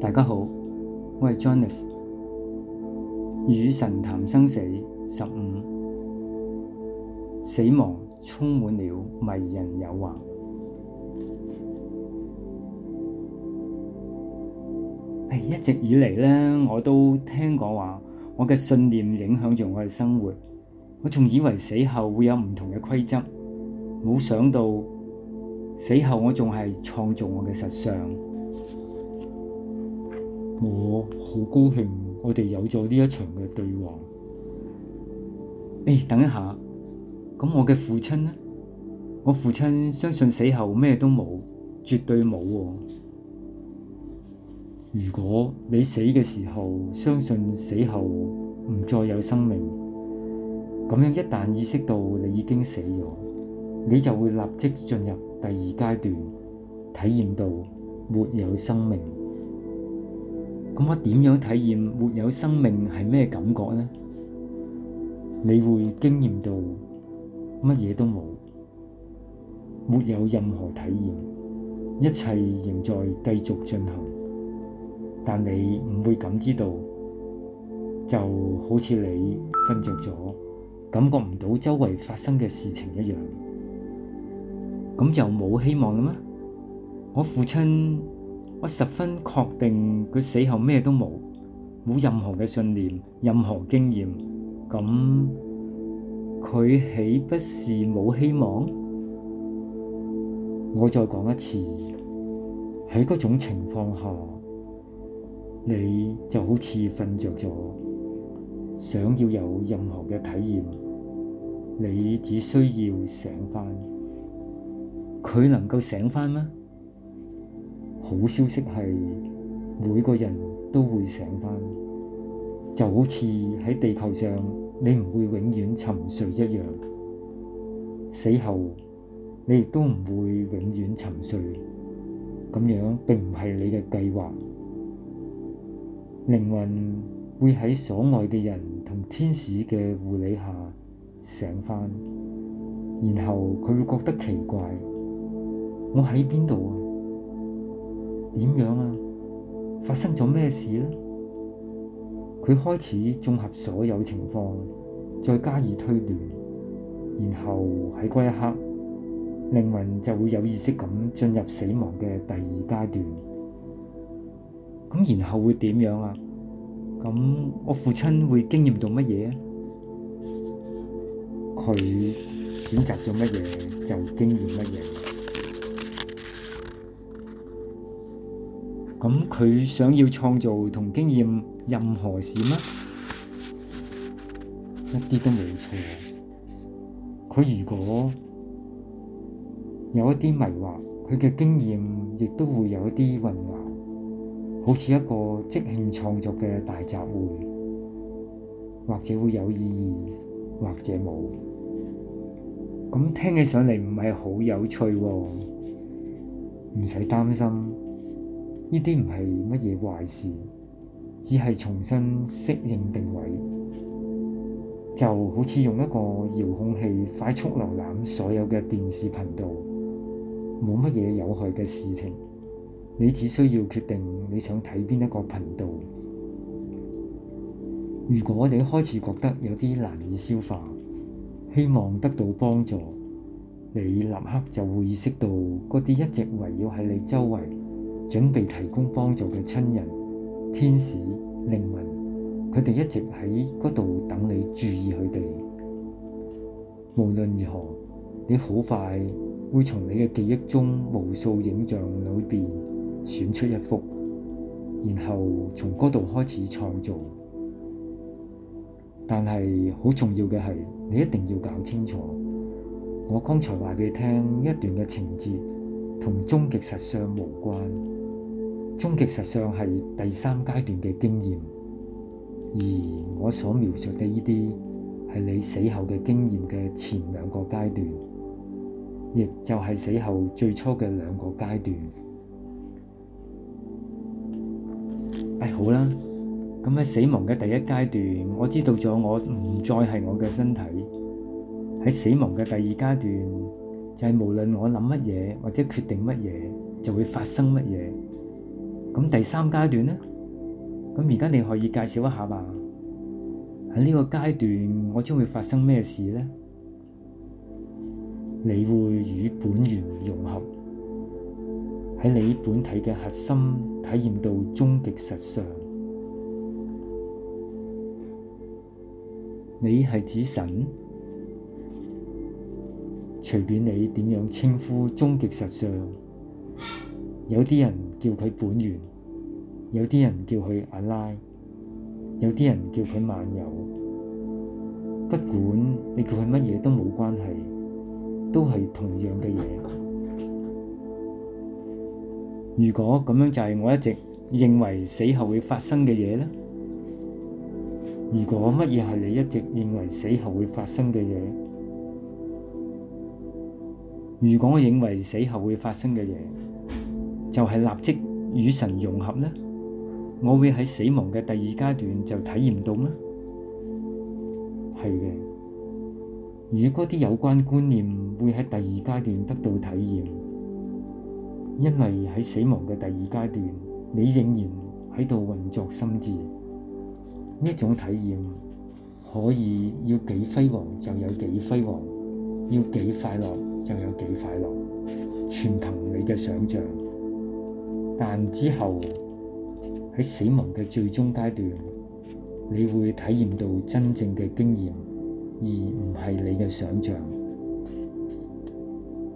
大家好，我係 Jonas，與神談生死十五，15，死亡充滿了迷人誘惑，哎。一直以嚟呢，我都聽講話，我嘅信念影響住我嘅生活。我仲以為死後會有唔同嘅規則，冇想到死後我仲係創造我嘅實相。我好高興，我哋有咗呢一場嘅對話。誒，等一下，咁我嘅父親呢？我父親相信死後咩都冇，絕對冇。如果你死嘅時候相信死後唔再有生命，咁樣一旦意識到你已經死咗，你就會立即進入第二階段，體驗到沒有生命。咁我點樣體驗沒有生命係咩感覺呢？你會經驗到乜嘢都冇，沒有任何體驗，一切仍在繼續進行，但你唔會感知到，就好似你瞓着咗，感覺唔到周圍發生嘅事情一樣。咁就冇希望啦嗎？我父親。我十分確定佢死後咩都冇，冇任何嘅信念、任何經驗，咁佢豈不是冇希望？我再講一次，喺嗰種情況下，你就好似瞓着咗，想要有任何嘅體驗，你只需要醒返。佢能夠醒返咩？好消息係每個人都會醒返，就好似喺地球上你唔會永遠沉睡一樣，死後你亦都唔會永遠沉睡。咁樣並唔係你嘅計劃，靈魂會喺所愛嘅人同天使嘅護理下醒返，然後佢會覺得奇怪，我喺邊度啊？點樣啊？發生咗咩事咧？佢開始綜合所有情況，再加以推斷，然後喺嗰一刻，靈魂就會有意識咁進入死亡嘅第二階段。咁然後會點樣啊？咁我父親會經驗到乜嘢啊？佢選擇咗乜嘢就經驗乜嘢。咁佢想要創造同經驗任何事咩？一啲都冇錯。佢如果有一啲迷惑，佢嘅經驗亦都會有一啲混淆，好似一個即興創作嘅大集會，或者會有意義，或者冇。咁聽起上嚟唔係好有趣喎。哦，唔使擔心。呢啲唔係乜嘢壞事，只係重新適應定位，就好似用一個遙控器快速瀏覽所有嘅電視頻道，冇乜嘢有害嘅事情。你只需要決定你想睇邊一個頻道。如果你開始覺得有啲難以消化，希望得到幫助，你立刻就會意識到嗰啲一直圍繞喺你周圍，準備提供幫助嘅親人、天使、靈魂，佢哋一直喺嗰度等你注意佢哋。無論如何，你好快會從你嘅記憶中無數影像裏邊選出一幅，然後從嗰度開始創造。但係好重要嘅係，你一定要搞清楚，我剛才話俾你聽一段嘅情節，同終極實相無關。終極實相係第三階段嘅經驗，而我所描述嘅呢啲係你死後嘅經驗嘅前兩個階段，亦就係死後最初嘅兩個階段。哎，好啦，咁喺死亡嘅第一階段，我知道咗我唔再係我嘅身體；喺死亡嘅第二階段，就係無論我諗乜嘢或者決定乜嘢，就會發生乜嘢。咁第三階段呢？咁而家你可以介紹一下嘛？喺呢個階段，我將會發生咩事呢？你會與本源融合，喺你本體嘅核心體驗到終極實相。你係指神，隨便你點樣稱呼終極實相，有啲人，叫佢本源，有啲人叫佢阿拉，有啲人叫佢萬有，不管你叫佢乜嘢都冇關係，都係同樣嘅嘢。如果咁樣就係我一直認為死後會發生嘅嘢咧？如果乜嘢係你一直認為死後會發生嘅嘢？如果我認為死後會發生嘅嘢，就係立即與神融合呢？我會喺死亡嘅第二階段就體驗到嗎？係嘅，如果啲有關觀念會喺第二階段得到體驗，因為喺死亡嘅第二階段，你仍然喺度運作心智呢種體驗，可以要幾輝煌就有幾輝煌，要幾快樂就有幾快樂，全憑你嘅想像。但之後喺死亡嘅最終階段，你會體驗到真正嘅經驗，而唔係你嘅想象。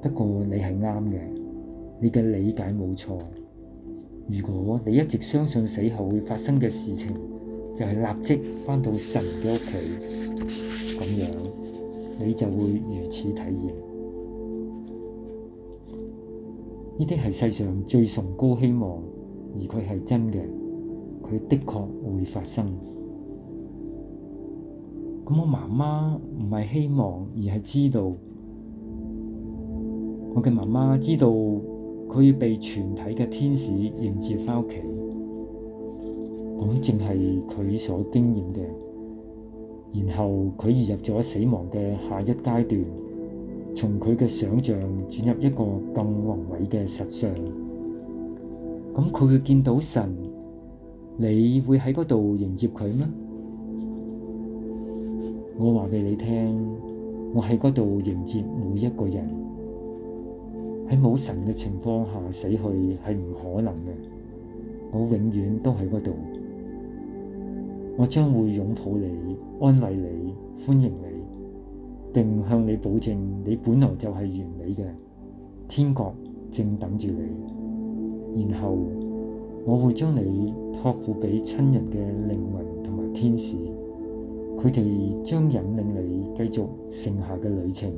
不過你係啱嘅，你嘅理解冇錯。如果你一直相信死後會發生嘅事情，就係立即返到神嘅屋企，咁樣你就會如此體驗。呢啲係世上最崇高希望，而佢係真嘅，佢的確會發生。咁我媽媽唔係希望，而係知道。我嘅媽媽知道佢要被全體嘅天使迎接返屋企，咁正係佢所經驗嘅。然後佢移入咗死亡嘅下一階段。從佢嘅想象轉入一個咁宏偉嘅實相，咁佢會見到神，你會喺嗰度迎接佢咩？我話俾你聽，我喺嗰度迎接每一個人。喺冇神嘅情況下死去係唔可能嘅，我永遠都喺嗰度，我將會擁抱你、安慰你、歡迎你。並向你保證你本來就係完美嘅，天國正等住你。然後我會將你託付俾親人嘅靈魂同埋天使，佢哋將引領你繼續剩下嘅旅程，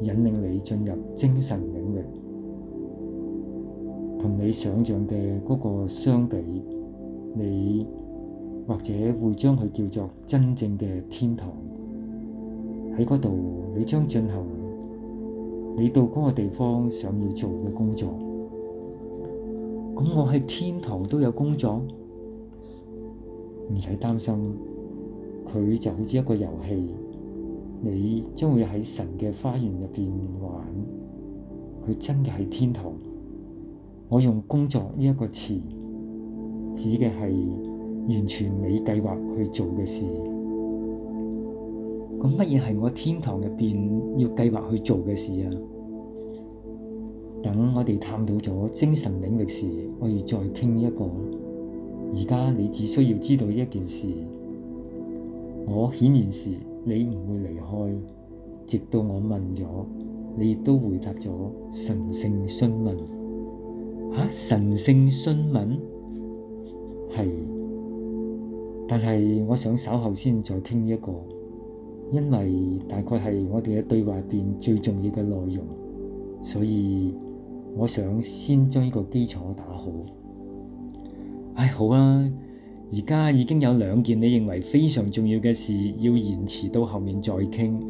引領你進入精神領域，同你想象嘅嗰個相比，你或者會將佢叫做真正嘅天堂。喺嗰度，你將進行你到嗰個地方想要做嘅工作。咁我喺天堂都有工作，唔使擔心。佢就好似一個遊戲，你將會喺神嘅花園入邊玩。佢真嘅係天堂。我用工作呢一個詞，指嘅係完全你計劃去做嘅事。咁乜嘢係我天堂入邊要計劃去做嘅事啊？等我哋探到咗精神領域時，我要再傾一個。而家你只需要知道一件事，我顯現時你唔會離開，直到我問咗你亦都回答咗神聖詢問。嚇！神聖詢問係，但係我想稍後先再傾一個。因為大概係我哋嘅對話入邊最重要嘅內容，所以我想先將呢個基礎打好。唉、哎，好啦、啊，而家已經有兩件你認為非常重要嘅事要延遲到後面再傾。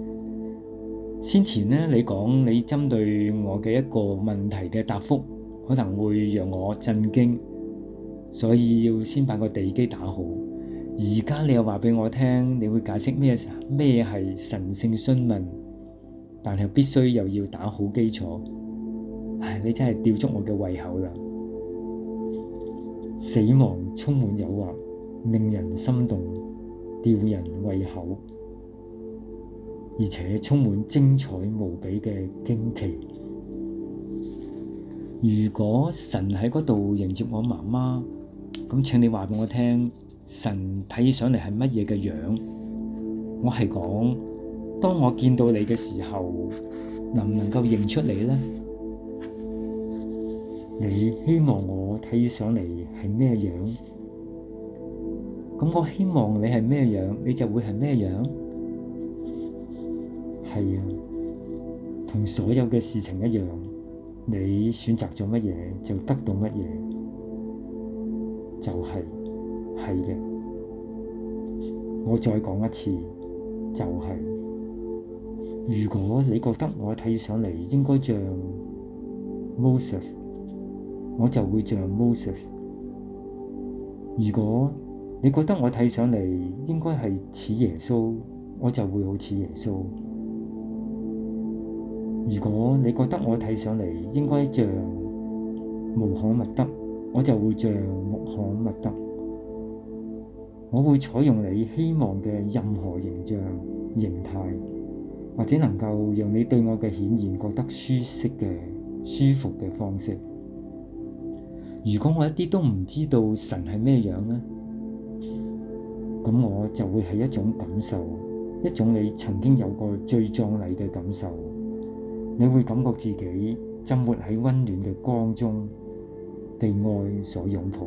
先前呢，你講你針對我嘅一個問題嘅答覆，可能會讓我震驚，所以要先把個地基打好。而家你又話畀我聽，你會解釋咩？咩係神聖詢問？但係必須又要打好基礎。唉，你真係吊足我嘅胃口啦！死亡充滿誘惑，令人心動，吊人胃口，而且充滿精彩無比嘅驚奇。如果神喺嗰度迎接我媽媽，咁請你話畀我聽。神睇起上嚟係乜嘢嘅樣？我係講，當我見到你嘅時候，能唔能夠認出你呢？你希望我睇起上嚟係咩樣？咁我希望你係咩樣，你就會係咩樣。係啊，同所有嘅事情一樣，你選擇咗乜嘢就得到乜嘢，就係。係嘅，我再講一次，就係、是、如果你覺得我睇上嚟應該像 Moses，我就會像 Moses；如果你覺得我睇上嚟應該係似耶穌，我就會好似耶穌；如果你覺得我睇上嚟應該像穆罕默德，我就會像穆罕默德。我會採用你希望嘅任何形象、形態，或者能夠讓你對我嘅顯現覺得舒適嘅、舒服嘅方式。如果我一啲都唔知道神係咩樣呢？咁我就會係一種感受，一種你曾經有過最壯麗嘅感受。你會感覺自己浸沒喺溫暖嘅光中，被愛所擁抱。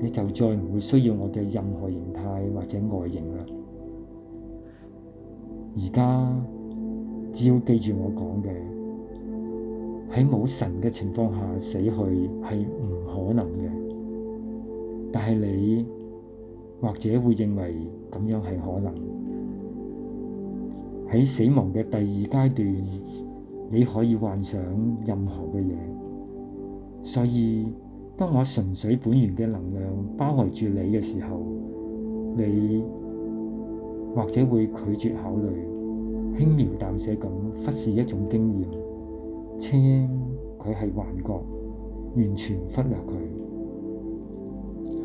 你就再唔會需要我嘅任何形態或者外形啦。而家只要記住我講嘅，喺冇神嘅情況下死去係唔可能嘅，但係你或者會認為咁樣係可能。喺死亡嘅第二階段，你可以幻想任何嘅嘢，所以。當我純粹本源嘅能量包圍住你嘅時候，你或者會拒絕考慮，輕描淡寫咁忽視一種經驗，稱佢係幻覺，完全忽略佢，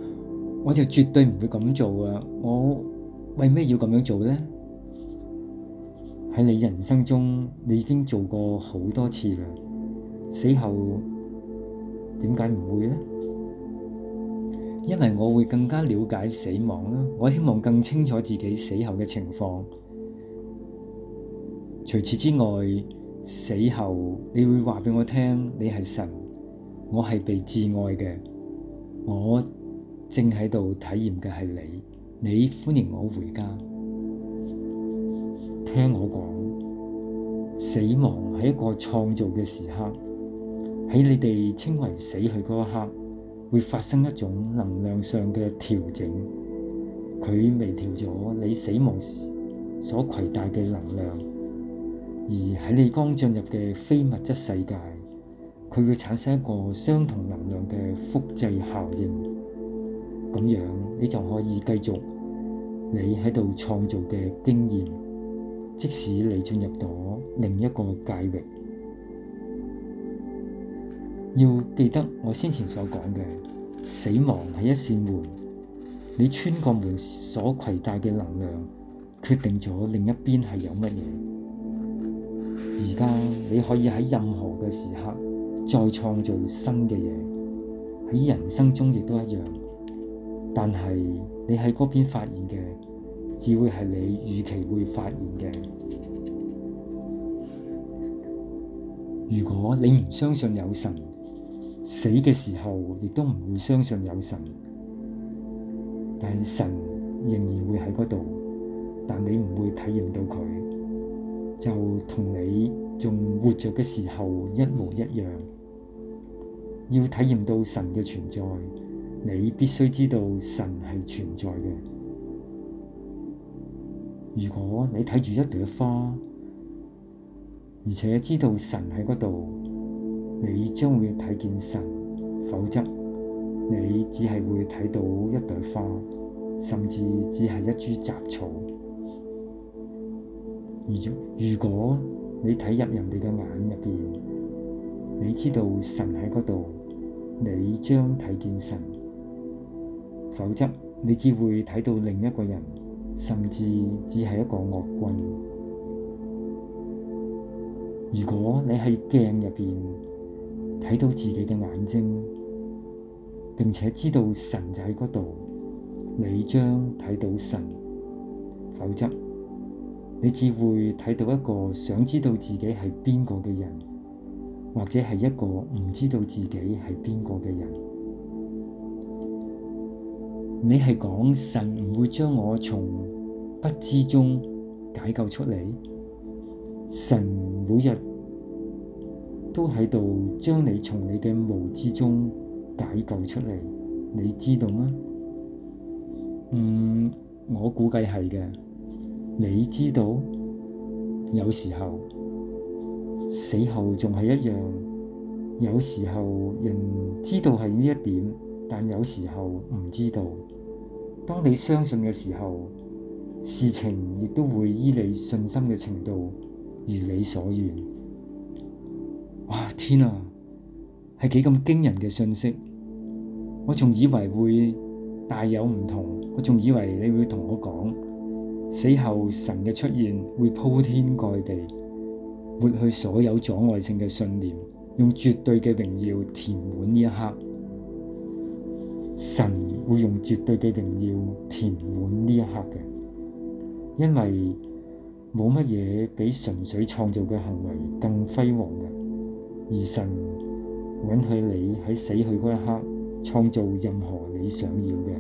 我就絕對唔會咁做啊！我為咩要咁樣做呢？喺你人生中，你已經做過好多次啦，死後。點解唔會呢？因為我會更加了解死亡啦。我希望更清楚自己死後嘅情況。除此之外，死後你會話畀我聽，你係神，我係被摯愛嘅，我正喺度體驗嘅係你。你歡迎我回家，聽我講，死亡係一個創造嘅時刻。喺你哋稱為死去嗰一刻，會發生一種能量上嘅調整，佢微調咗你死亡時所攜帶嘅能量，而喺你剛進入嘅非物質世界，佢會產生一個相同能量嘅複製效應，咁樣你就可以繼續你喺度創造嘅經驗，即使你進入咗另一個界域。要記得我先前所講嘅，死亡係一扇門，你穿過門所攜帶嘅能量，決定咗另一邊係有乜嘢。而家你可以喺任何嘅時刻再創造新嘅嘢，喺人生中亦都一樣。但係你喺嗰邊發現嘅，只會係你預期會發現嘅。如果你唔相信有神。死嘅時候亦都唔會相信有神，但係神仍然會喺嗰度，但你唔會體驗到佢，就同你仲活着嘅時候一模一樣。要體驗到神嘅存在，你必須知道神係存在嘅。如果你睇住一朵花，而且知道神喺嗰度，你將會睇見神，否則你只係會睇到一朵花，甚至只係一株雜草。如如果你睇入人哋嘅眼入邊，你知道神喺嗰度，你將睇見神；否則你只會睇到另一個人，甚至只係一個惡棍。如果你喺鏡入邊。睇到自己嘅眼睛，並且知道神就喺嗰度，你將睇到神，否則你只會睇到一個想知道自己係邊個嘅人，或者係一個唔知道自己係邊個嘅人。你係講神唔會將我從不知中解救出嚟？神每日。都喺度將你從你嘅無知中解救出嚟，你知道嗎？嗯，我估計係嘅。你知道？有時候死後仲係一樣。有時候人知道係呢一點，但有時候唔知道。當你相信嘅時候，事情亦都會依你信心嘅程度，如你所願。哇！天啊，係幾咁驚人嘅信息！我仲以為會大有唔同，我仲以為你會同我講，死後神嘅出現會鋪天蓋地，抹去所有阻礙性嘅信念，用絕對嘅榮耀填滿呢一刻。神會用絕對嘅榮耀填滿呢一刻嘅，因為冇乜嘢比純粹創造嘅行為更輝煌嘅。而神允許你喺死去嗰一刻創造任何你想要嘅，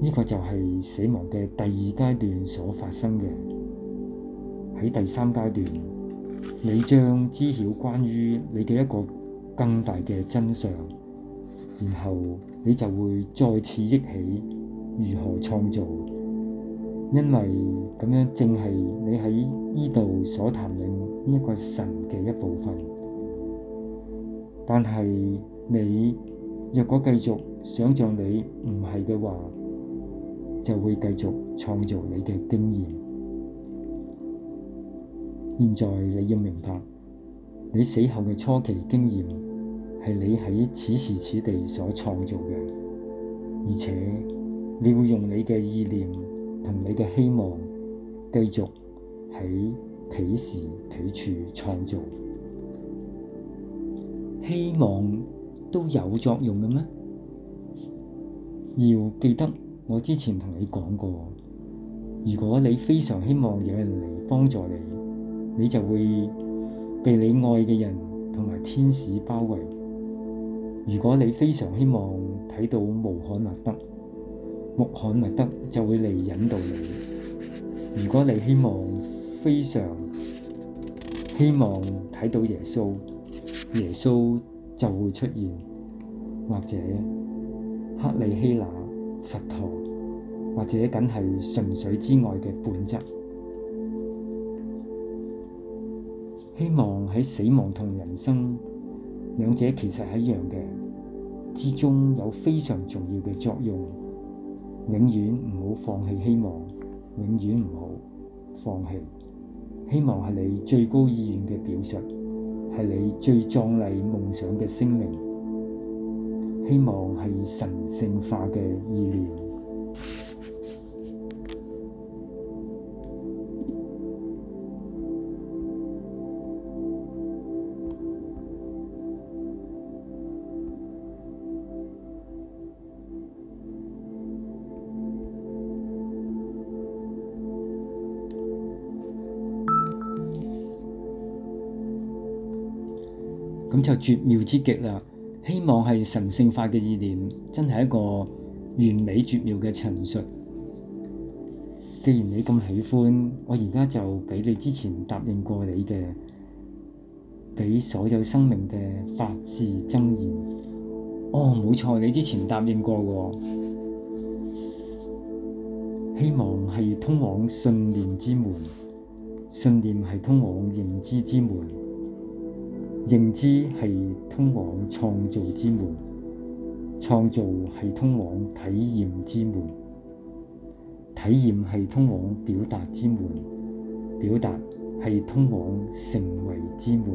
呢個就係死亡嘅第二階段所發生嘅。喺第三階段，你將知曉關於你嘅一個更大嘅真相，然後你就會再次憶起如何創造。因為咁樣正係你喺呢度所談論呢一個神嘅一部分，但係你若果繼續想像你唔係嘅話，就會繼續創造你嘅經驗。現在你要明白，你死後嘅初期經驗係你喺此時此地所創造嘅，而且你會用你嘅意念。同你嘅希望繼續喺企時企處創造，希望都有作用嘅咩？要記得我之前同你講過，如果你非常希望有人嚟幫助你，你就會被你愛嘅人同埋天使包圍。如果你非常希望睇到無可能得。穆罕默德就會嚟引導你。如果你希望，非常希望睇到耶穌，耶穌就會出現，或者克里希那、佛陀，或者僅係純粹之外嘅本質。希望喺死亡同人生兩者其實係一樣嘅，之中有非常重要嘅作用。永遠唔好放棄希望，永遠唔好放棄。希望係你最高意願嘅表述，係你最壯麗夢想嘅聲明。希望係神聖化嘅意念。咁就絕妙之極啦！希望係神聖化嘅意念，真係一個完美絕妙嘅陳述。既然你咁喜歡，我而家就畀你之前答應過你嘅，畀所有生命嘅八字真言。哦，冇錯，你之前答應過嘅。希望係通往信念之門，信念係通往認知之門。認知係通往創造之門，創造係通往體驗之門，體驗係通往表達之門，表達係通往成為之門，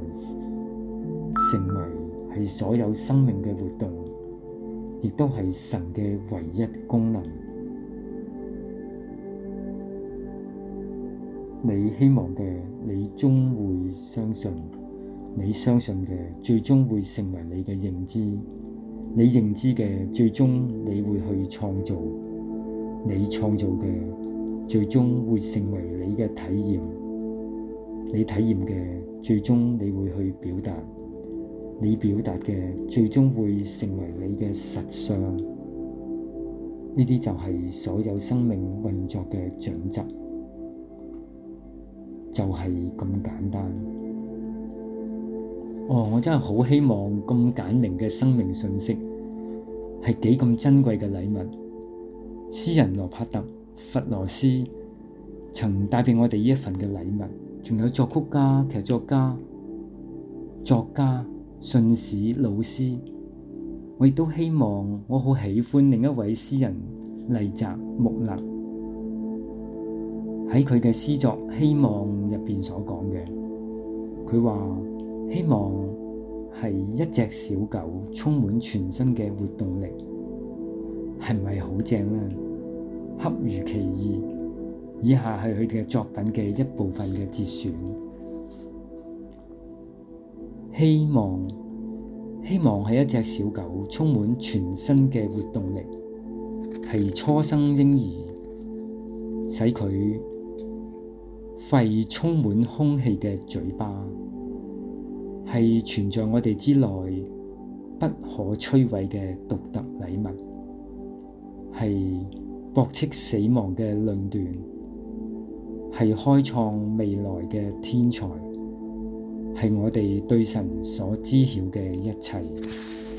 成為係所有生命嘅活動，亦都係神嘅唯一功能。你希望嘅，你終會相信。你相信嘅最終會成為你嘅認知，你認知嘅最終你會去創造，你創造嘅最終會成為你嘅體驗，你體驗嘅最終你會去表達，你表達嘅最終會成為你嘅實相，呢啲就係所有生命運作嘅準則，就係咁簡單。哦，我真係好希望咁簡明嘅生命信息係幾咁珍貴嘅禮物。詩人羅柏特佛羅斯曾帶畀我哋呢一份嘅禮物，仲有作曲家、劇作家、作家、信使、老師。我亦都希望我好喜歡另一位詩人麗澤穆勒喺佢嘅詩作《希望》入邊所講嘅，佢話。希望係一隻小狗，充滿全身嘅活動力，係咪好正咧？恰如其意，以下係佢哋嘅作品嘅一部分嘅節選。希望。希望係一隻小狗，充滿全身嘅活動力，係初生嬰兒使佢肺充滿空氣嘅嘴巴。係存在我哋之內不可摧毀嘅獨特禮物，係駁斥死亡嘅論斷，係開創未來嘅天才，係我哋對神所知曉嘅一切。